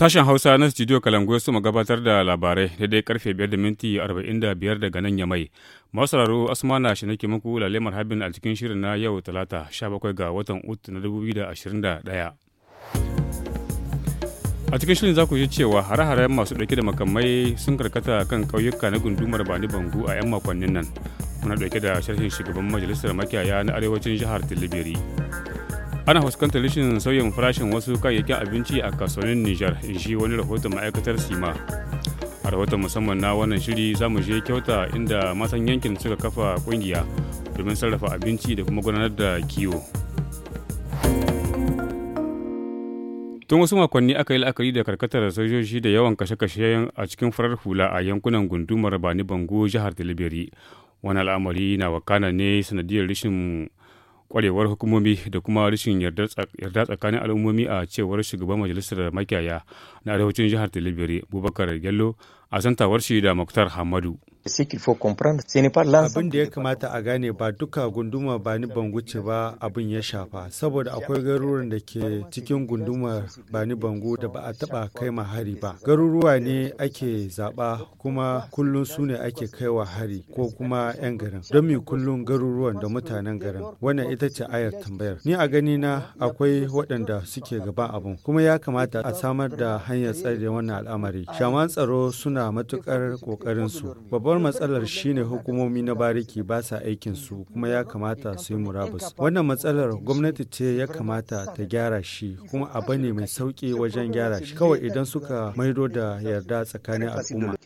Sashen Hausa na Studio Kalangoyo su gabatar da labarai daidai karfe 5 minti 45 daga nan ya mai Masararo Asmana shi nake muku lalemar habin a cikin shirin na yau talata 17 ga watan Ut na 2021. A cikin shirin za ku ji cewa hare-haren masu ɗauke da makamai sun karkata kan kauyuka na gundumar Bani Bangu a 'yan makonnin nan. Muna ɗauke da sharhin shugaban majalisar makiyaya na arewacin jihar Tilibiri. ana fuskantar rashin sauyin farashin wasu kayayyakin abinci a kasuwannin nijar in shi wani rahoton ma'aikatar sima a rahoton musamman na wannan shiri za mu je kyauta inda masan yankin suka kafa kungiya domin sarrafa abinci da kuma gudanar da kiwo tun wasu makonni aka yi la'akari da karkatar sojoji da yawan kashe-kashe a cikin farar hula a yankunan gundumar bani bango jihar talibiri wani al'amari na wakana ne sanadiyar rashin kwarewar hukumomi da kuma rashin yarda tsakanin al'ummomi a cewar shugaban majalisar makiyaya na arewacin jihar Tilibiri Bubakar Gello a santawar shi da Muktar Hamadu. Abin da ya kamata a gane ba duka gunduma ba ni bangu ce ba abin ya shafa, saboda akwai garuruwan da ke cikin gundumar ba ni bangu da ba a taba kai ma hari ba. Garuruwa ne ake zaba kuma kullum su ne ake kaiwa hari ko kuma 'yan garin. Don mi kullum garuruwan da mutanen garin. Wannan ita ce ayar tambayar. Ni a gani na akwai waɗanda suke gaban abin kuma ya kamata a samar da hanyar tsare wannan al'amari. Shaman tsaro suna matukar ƙoƙarinsu. Babban Babbar matsalar shine hukumomi na bariki ba sa aikin su kuma ya kamata su yi murabus. Wannan matsalar gwamnati ce ya kamata ta gyara shi kuma abu ne mai sauki wajen gyara shi kawai idan suka maido da yarda tsakanin al'umma.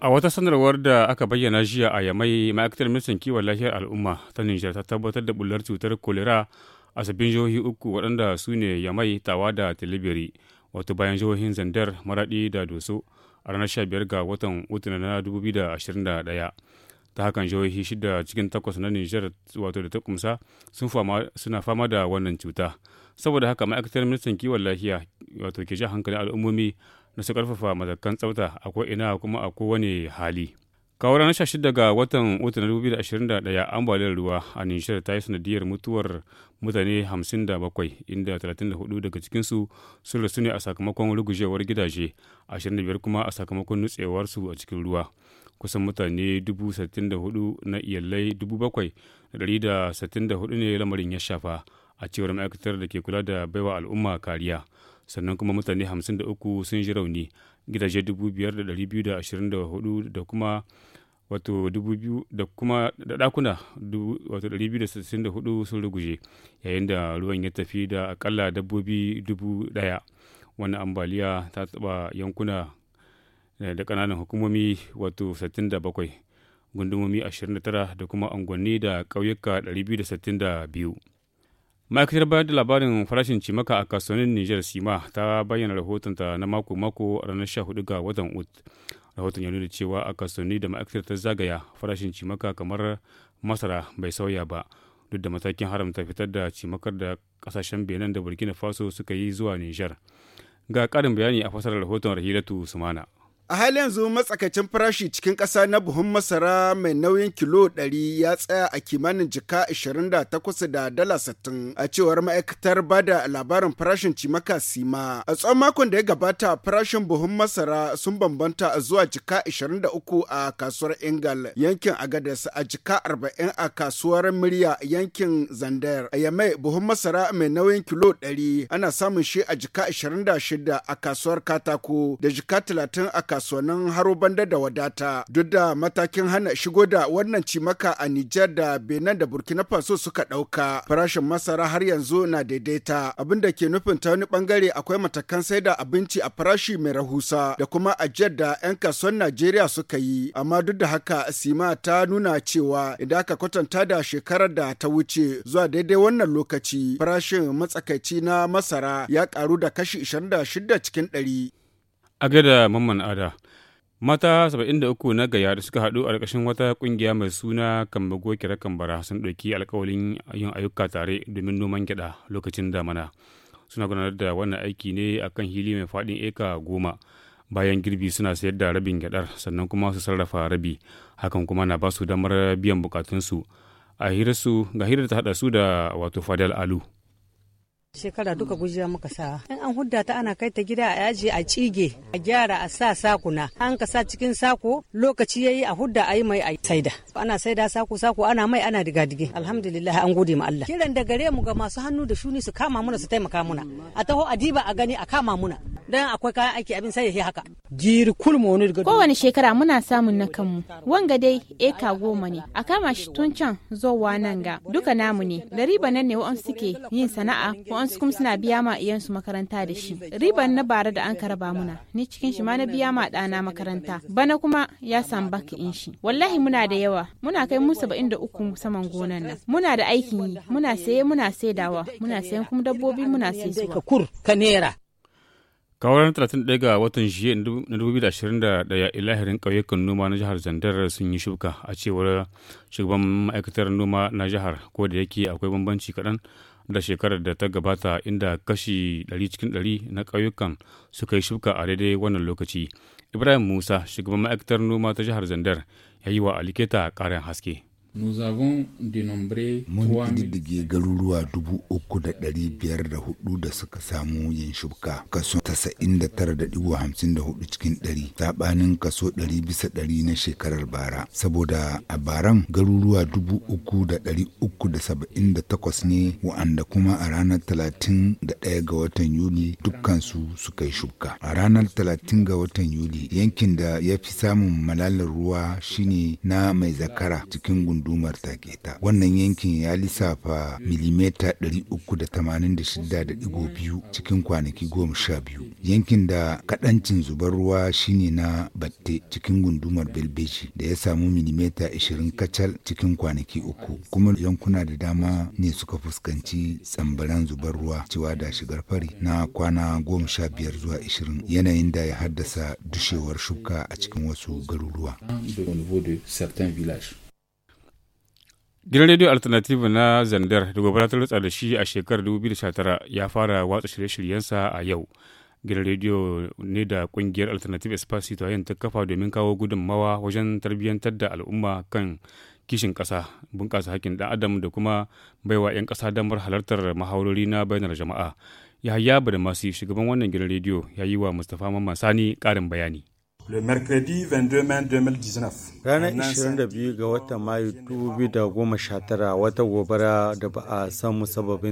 A wata sanarwar da aka bayyana jiya a Yamai, ma'aikatar ministan kiwon lafiyar al'umma ta Nijar ta tabbatar da bullar cutar kolera a sabbin jihohi uku waɗanda su ne yamai tawa da tilibiri wato bayan jihohin zandar maraɗi da doso a ranar sha biyar ga watan utuna na 2021 ta hakan jihohi shida cikin takwas na nijar wato da ta kumsa suna fama da wannan cuta saboda haka ma'aikatar ministan kiwon lafiya wato ke ja hankalin al'ummomi na su karfafa matakan tsafta a ina kuma a kowane hali. kawo ranar shida ga watan watan 2021 ambaliyar ruwa a nishar ta yi sanadiyar mutuwar mutane 57 inda 34 daga cikinsu sun rasu ne a sakamakon rugujewar gidaje 25 kuma a sakamakon nutsewarsu a cikin ruwa kusan mutane 64 na iyalai 7,164 ne lamarin ya shafa a cewar ma'aikatar da ke kula da baiwa al'umma kariya sannan kuma mutane 53 sun ji rauni gidaje 5,224 da kuma wato da kuma da dakuna wato 264 sun ruguje yayin da ruwan ya tafi da akalla dabbobi 1,000 wannan ambaliya ta taba yankuna eh, da kananan hukumomi wato 67 gundumomi 29 da kuma angwanni da ƙauyuka 262 ma'aikatar bayar da labarin farashin cimaka a kasuwannin niger sima ta bayyana rahotonta na mako-mako a ranar 14 ga watan ut rahoton ya nuna cewa a kasuwanni da ma'aikatar ta zagaya farashin cimaka kamar masara bai sauya ba duk da matakin haramta fitar da cimakar da kasashen benin da burkina faso suka yi zuwa niger ga karin bayani a fasarar rahoton rahilatu sumana A halin yanzu matsakaicin farashi cikin ƙasa na buhun masara mai nauyin kilo 100 ya tsaya a kimanin jika 28 da dala 60 a cewar ma'aikatar bada labarin farashin cimaka sima. A tsawon makon da ya gabata farashin buhun masara sun bambanta zuwa jika 23 a kasuwar Ingal yankin Agadez a jika 40 a kasuwar Murya yankin Zandar. A Yamai buhun masara mai nauyin kilo 100 ana samun shi a jika 26 a kasuwar Katako da jika 30 a kasuwannin haro banda da wadata duk da matakin hana shigo da wannan cimaka a Nijar da Benin da Burkina Faso suka ɗauka. Farashin masara har yanzu na daidaita abin da ke nufin ta wani bangare akwai matakan sai da abinci a farashi mai rahusa da kuma ajiyar da 'yan kasuwan Najeriya suka yi. Amma duk da haka Sima ta nuna cewa idan aka kwatanta da shekarar da ta wuce zuwa daidai wannan lokaci farashin matsakaici na masara ya karu da kashi 26 cikin 100. A gada Mamman Ada, mata 73 na gaya da suka haɗu a ƙarƙashin wata ƙungiya mai suna Kambago Kira Kambara sun ɗauki alƙawalin yin ayyuka tare domin noman gyaɗa lokacin damana. Suna gudanar da wannan aiki ne a kan hili mai faɗin eka goma. Bayan girbi suna sayar da rabin gyaɗar sannan kuma su sarrafa rabi. Hakan kuma na basu damar biyan bukatunsu. A hirarsu ga hirar ta haɗa su da wato Fadal Alu. shekara duka gujiya muka sa in an hudda ta ana kai ta gida a yaji a cige a gyara a sa sakuna an ka sa cikin sako lokaci yayi a hudda ayi mai a saida ana saida sako sako ana mai ana diga dige alhamdulillah an gode ma Allah kiran da gare mu ga masu hannu da shuni su kama muna su taimaka muna a taho a diba a gani a kama muna dan akwai kayan aiki abin sai ya haka jiri kulmo ne daga kowane shekara muna samun na kanmu wanga dai eka goma ne a kama shi tun can wa nan ga duka namu ne da riba nan ne wa'an suke yin sana'a wa'an wasu kuma suna biya ma iyansu makaranta da shi riban na bara da an karaba muna ni cikin shi ma na biya ma ɗana makaranta bana kuma ya samu baki in shi wallahi muna da yawa muna kai mu saba'in da uku saman gonan nan muna da aikin yi muna saye muna saidawa muna sayan kuma dabbobi muna sai zuwa kawaran 31 ga watan jiya na 2021 ilahirin ƙauyukan noma na jihar zandar sun yi shuka a cewar shugaban ma'aikatar noma na jihar ko da yake akwai bambanci kaɗan da shekarar da ta gabata inda kashi 100 cikin 100 na ƙauyukan suka yi shuka a daidai wannan lokaci. Ibrahim Musa, shugaban ma'aikatar noma ta jihar Zandar, ya yi wa Aliketa ƙarin haske. Mun ƙididdige garuruwa dubu uku da ɗari biyar da hudu da suka samu yin shuka kaso tasa'in da tara da ɗigo hamsin da hudu cikin ɗari saɓanin kaso ɗari bisa ɗari na shekarar bara saboda a baran garuruwa dubu uku da ɗari uku da saba'in da takwas ne wa'anda kuma a ranar talatin da ɗaya ga watan yuli dukkansu suka yi shuka a ranar talatin ga watan yuli yankin da ya fi samun malalar ruwa shine na mai zakara cikin gundu gundumar ta Wannan yankin ya lissafa milimeta 386.2 cikin kwanaki 12. Yankin da kadancin zubar ruwa shine na Batte cikin gundumar Belbeji da ya samu milimeta 20 kacal cikin kwanaki uku. Kuma yankuna da dama ne suka fuskanci tsambaran zubar ruwa cewa da shigar fari na kwana biyar zuwa 20 yanayin da ya haddasa dushewar shuka a cikin wasu garuruwa. Gidan Radio Alternative na Zandar da gobara ta rutsa da shi a shekarar 2019 ya fara watsa shirye-shiryensa a yau. Gidan rediyo ne da kungiyar Alternative Espace yin ta kafa domin kawo gudunmawa wajen tarbiyyantar da al'umma kan kishin kasa bunƙasa hakkin ɗan adam da kuma baiwa 'yan ƙasa damar halartar mahaurori na bayanar jama'a. Yahaya masu shugaban wannan gidan rediyo, ya yi wa Mustapha Mamman Sani ƙarin bayani. le mercredi 22 mai 2019 ranar 22 ga watan mayu 2019 wata gobara da ba a san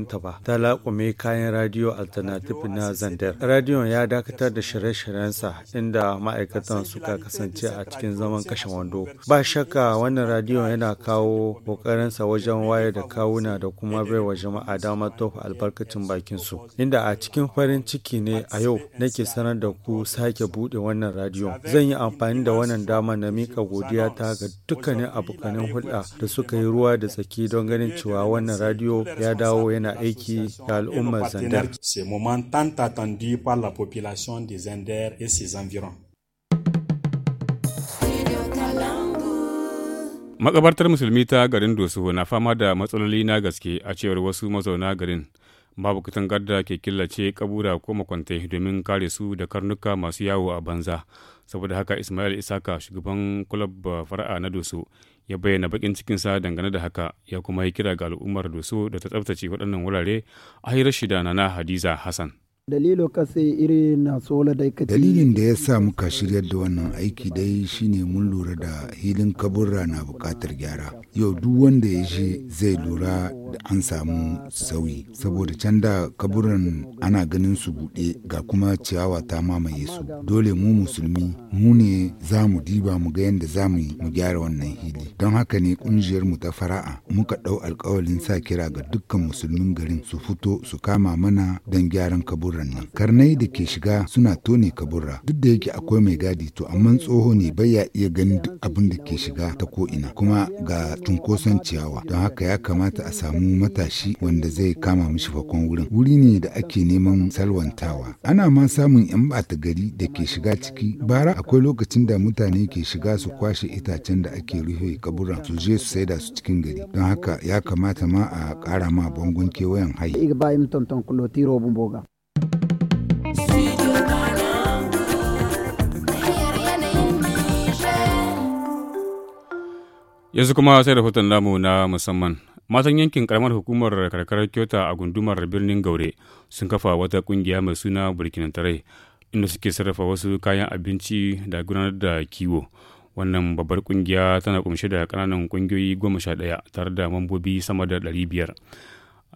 ta ba ta laƙume kayan radio alternative na zandar radiyon ya dakatar da shirye-shiryensa inda ma'aikatan suka kasance a cikin zaman kashe wando ba shakka wannan radiyon yana kawo ƙoƙarinsa wajen wayar da kawuna da kuma baiwa jama'a damar tofa albarkacin bakin su inda a cikin farin ciki ne a yau nake sanar da ku sake buɗe wannan radiyon zan yi amfani da wannan dama na mika godiya ta ga dukkanin abokanin hulɗa da suka yi ruwa da tsaki don ganin cewa wannan radiyo ya dawo yana aiki ga al'ummar Zandar. Makabartar Musulmi ta garin Doso na fama da matsaloli na gaske a cewar wasu mazauna garin. babu katangar da ke killace kabura ko makwantai domin kare su da karnuka masu yawo a banza saboda haka ismail isaka shugaban kulab fara'a na doso ya bayyana bakin cikinsa dangane da haka ya kuma yi kira ga al'ummar doso da ta tsabtace waɗannan wurare a hirar shida na hadiza hassan Dalilin da ya sa muka shirya da wannan aiki dai shine mun lura da hilin kaburra na bukatar gyara. Yau duk wanda ya je zai lura da an samu sauyi saboda can da kaburran ana ganin su buɗe ga kuma ciyawa ta mamaye su. Dole mu musulmi mu ne za mu diba mu ga yadda za mu gyara wannan hili. Don haka ne kungiyar mu ta fara'a muka ɗau alkawalin sa kira ga dukkan musulmin garin su fito su kama mana don gyaran kaburra. kaburan nan karnai da ke shiga suna tone kabura duk da yake akwai mai gadi to amma tsoho ne bai ya iya ganin duk abin da ke shiga ta ko ina kuma ga cunkoson ciyawa don haka ya kamata a samu matashi wanda zai kama mishi fakon wurin wuri ne da ake neman salwantawa ana ma samun yan bata gari da ke shiga ciki bara akwai lokacin da mutane ke shiga su kwashe itacen da ake rufe kaburan su je su saida su cikin gari don haka ya kamata ma a kara ma bangon kewayen haihu. Yanzu kuma sai rahoton namu na musamman. Matan yankin karamar hukumar karkarar kyota a gundumar birnin Gaure sun kafa wata kungiya mai suna Burkina Tare inda suke sarrafa wasu kayan abinci da gudanar da kiwo. Wannan babbar kungiya tana kumshe da kananan kungiyoyi goma sha ɗaya tare da mambobi sama da ɗari biyar.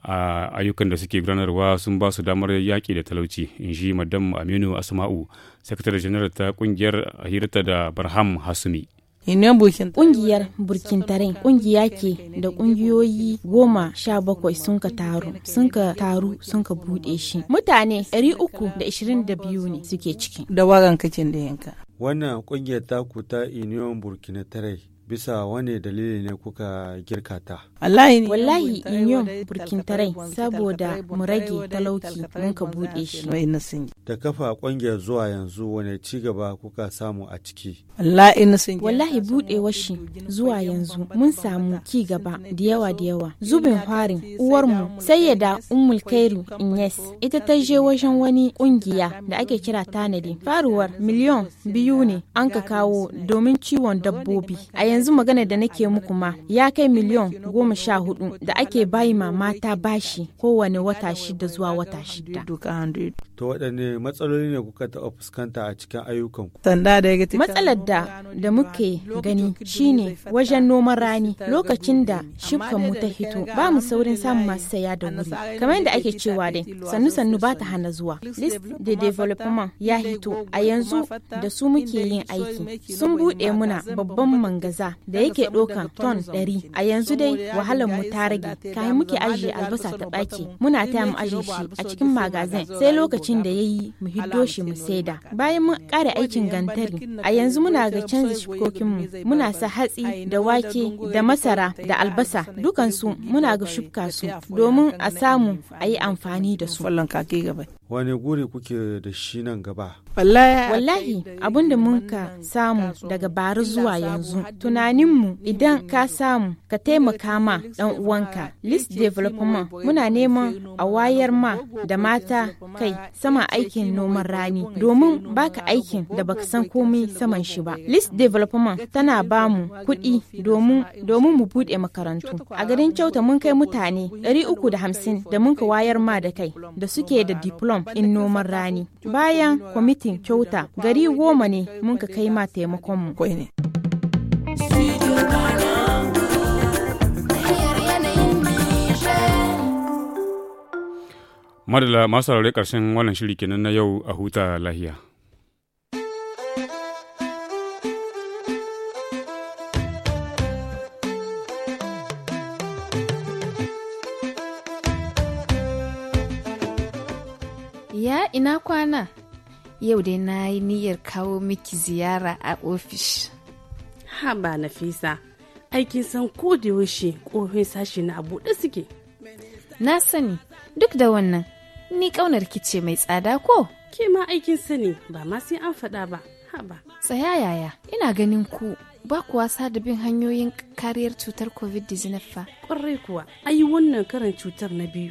a ayyukan da suke gudanarwa sun ba su damar yaƙi da talauci in ji madam aminu asma'u sakatare janar ta ƙungiyar hirata da barham hasumi Ƙungiyar Burkintare ƙungiya ke da ƙungiyoyi goma sha bakwai sun ka taru, sun ka taru sun ka buɗe shi. Mutane uku da da ishirin biyu ne suke ciki. Da wagan kacin da yanka. Wannan ƙungiyar taku ta Union Burkina Tare bisa wane dalili ne kuka girka ta? wallahi in yau burkintarai saboda mu rage talauci mun ka buɗe shi da kafa ƙungiyar zuwa yanzu wani ci gaba kuka samu a ciki wallahi buɗewar shi zuwa yanzu mun samu ci gaba da yawa da yawa zubin farin uwarmu sai ya da ummul kairu inyes ita ta je wajen wani ƙungiya da ake kira tanadi faruwar miliyon biyu ne an ka kawo domin ciwon dabbobi a yanzu magana da nake muku ma ya kai miliyon goma goma sha hudu da ake bayi mata bashi kowane wata shida zuwa wata shida. to waɗanne matsaloli ne kuka taɓa fuskanta a cikin ayyukanku? Matsalar da da muke gani shine wajen noman rani lokacin da shifkan mu ta hito ba mu saurin samun masu saya da wuri. Kamar yadda ake cewa dai sannu sannu ba ta hana zuwa. List de development ya hito a yanzu da su muke yin aiki. Sun buɗe muna babban mangaza da yake ɗaukan ton ɗari. A yanzu dai wahalar mu ta rage kayan muke ajiye albasa ta ɓaki muna taya mu ajiye shi a cikin magazin sai lokacin aikin da ya yi mu hiddo shi mu saida bayan mun ƙara aikin gantari a yanzu muna ga canza shukokinmu muna sa hatsi da wake da masara da albasa dukansu muna ga shubka su domin a samu a yi amfani da su wani guri kuke da shi nan gaba? Wallahi abin da mun ka samu daga bari zuwa yanzu tunaninmu idan ka samu ka taimaka ma dan uwanka list development muna neman a wayar ma da mata kai sama aikin noman rani domin baka aikin da baka san komai saman shi ba list development tana ba mu kuɗi domin mu buɗe makarantu a garin kyauta mun kai mutane 350 da mun ka wayar ma da kai da suke da diplom in noman rani. Bayan kwamitin kyauta gari goma ne mun ka kai ma taimakonmu. Madala masu saurari ƙarshen wannan shiri kenan na yau a huta lahiya. ina kwana yau dai na yi niyyar kawo miki ziyara a ofis ha ba nafisa aikin san ko da yaushe ƙofin sashi na buɗe suke na sani duk da wannan ni ƙaunar kice mai tsada ko ke ma aikin sani ba ma sai an faɗa ba haba tsaya yaya ina ganin ku ba ku wasa da bin hanyoyin kariyar cutar covid-19 fa ƙwarai kuwa ayi wannan karin cutar na biyu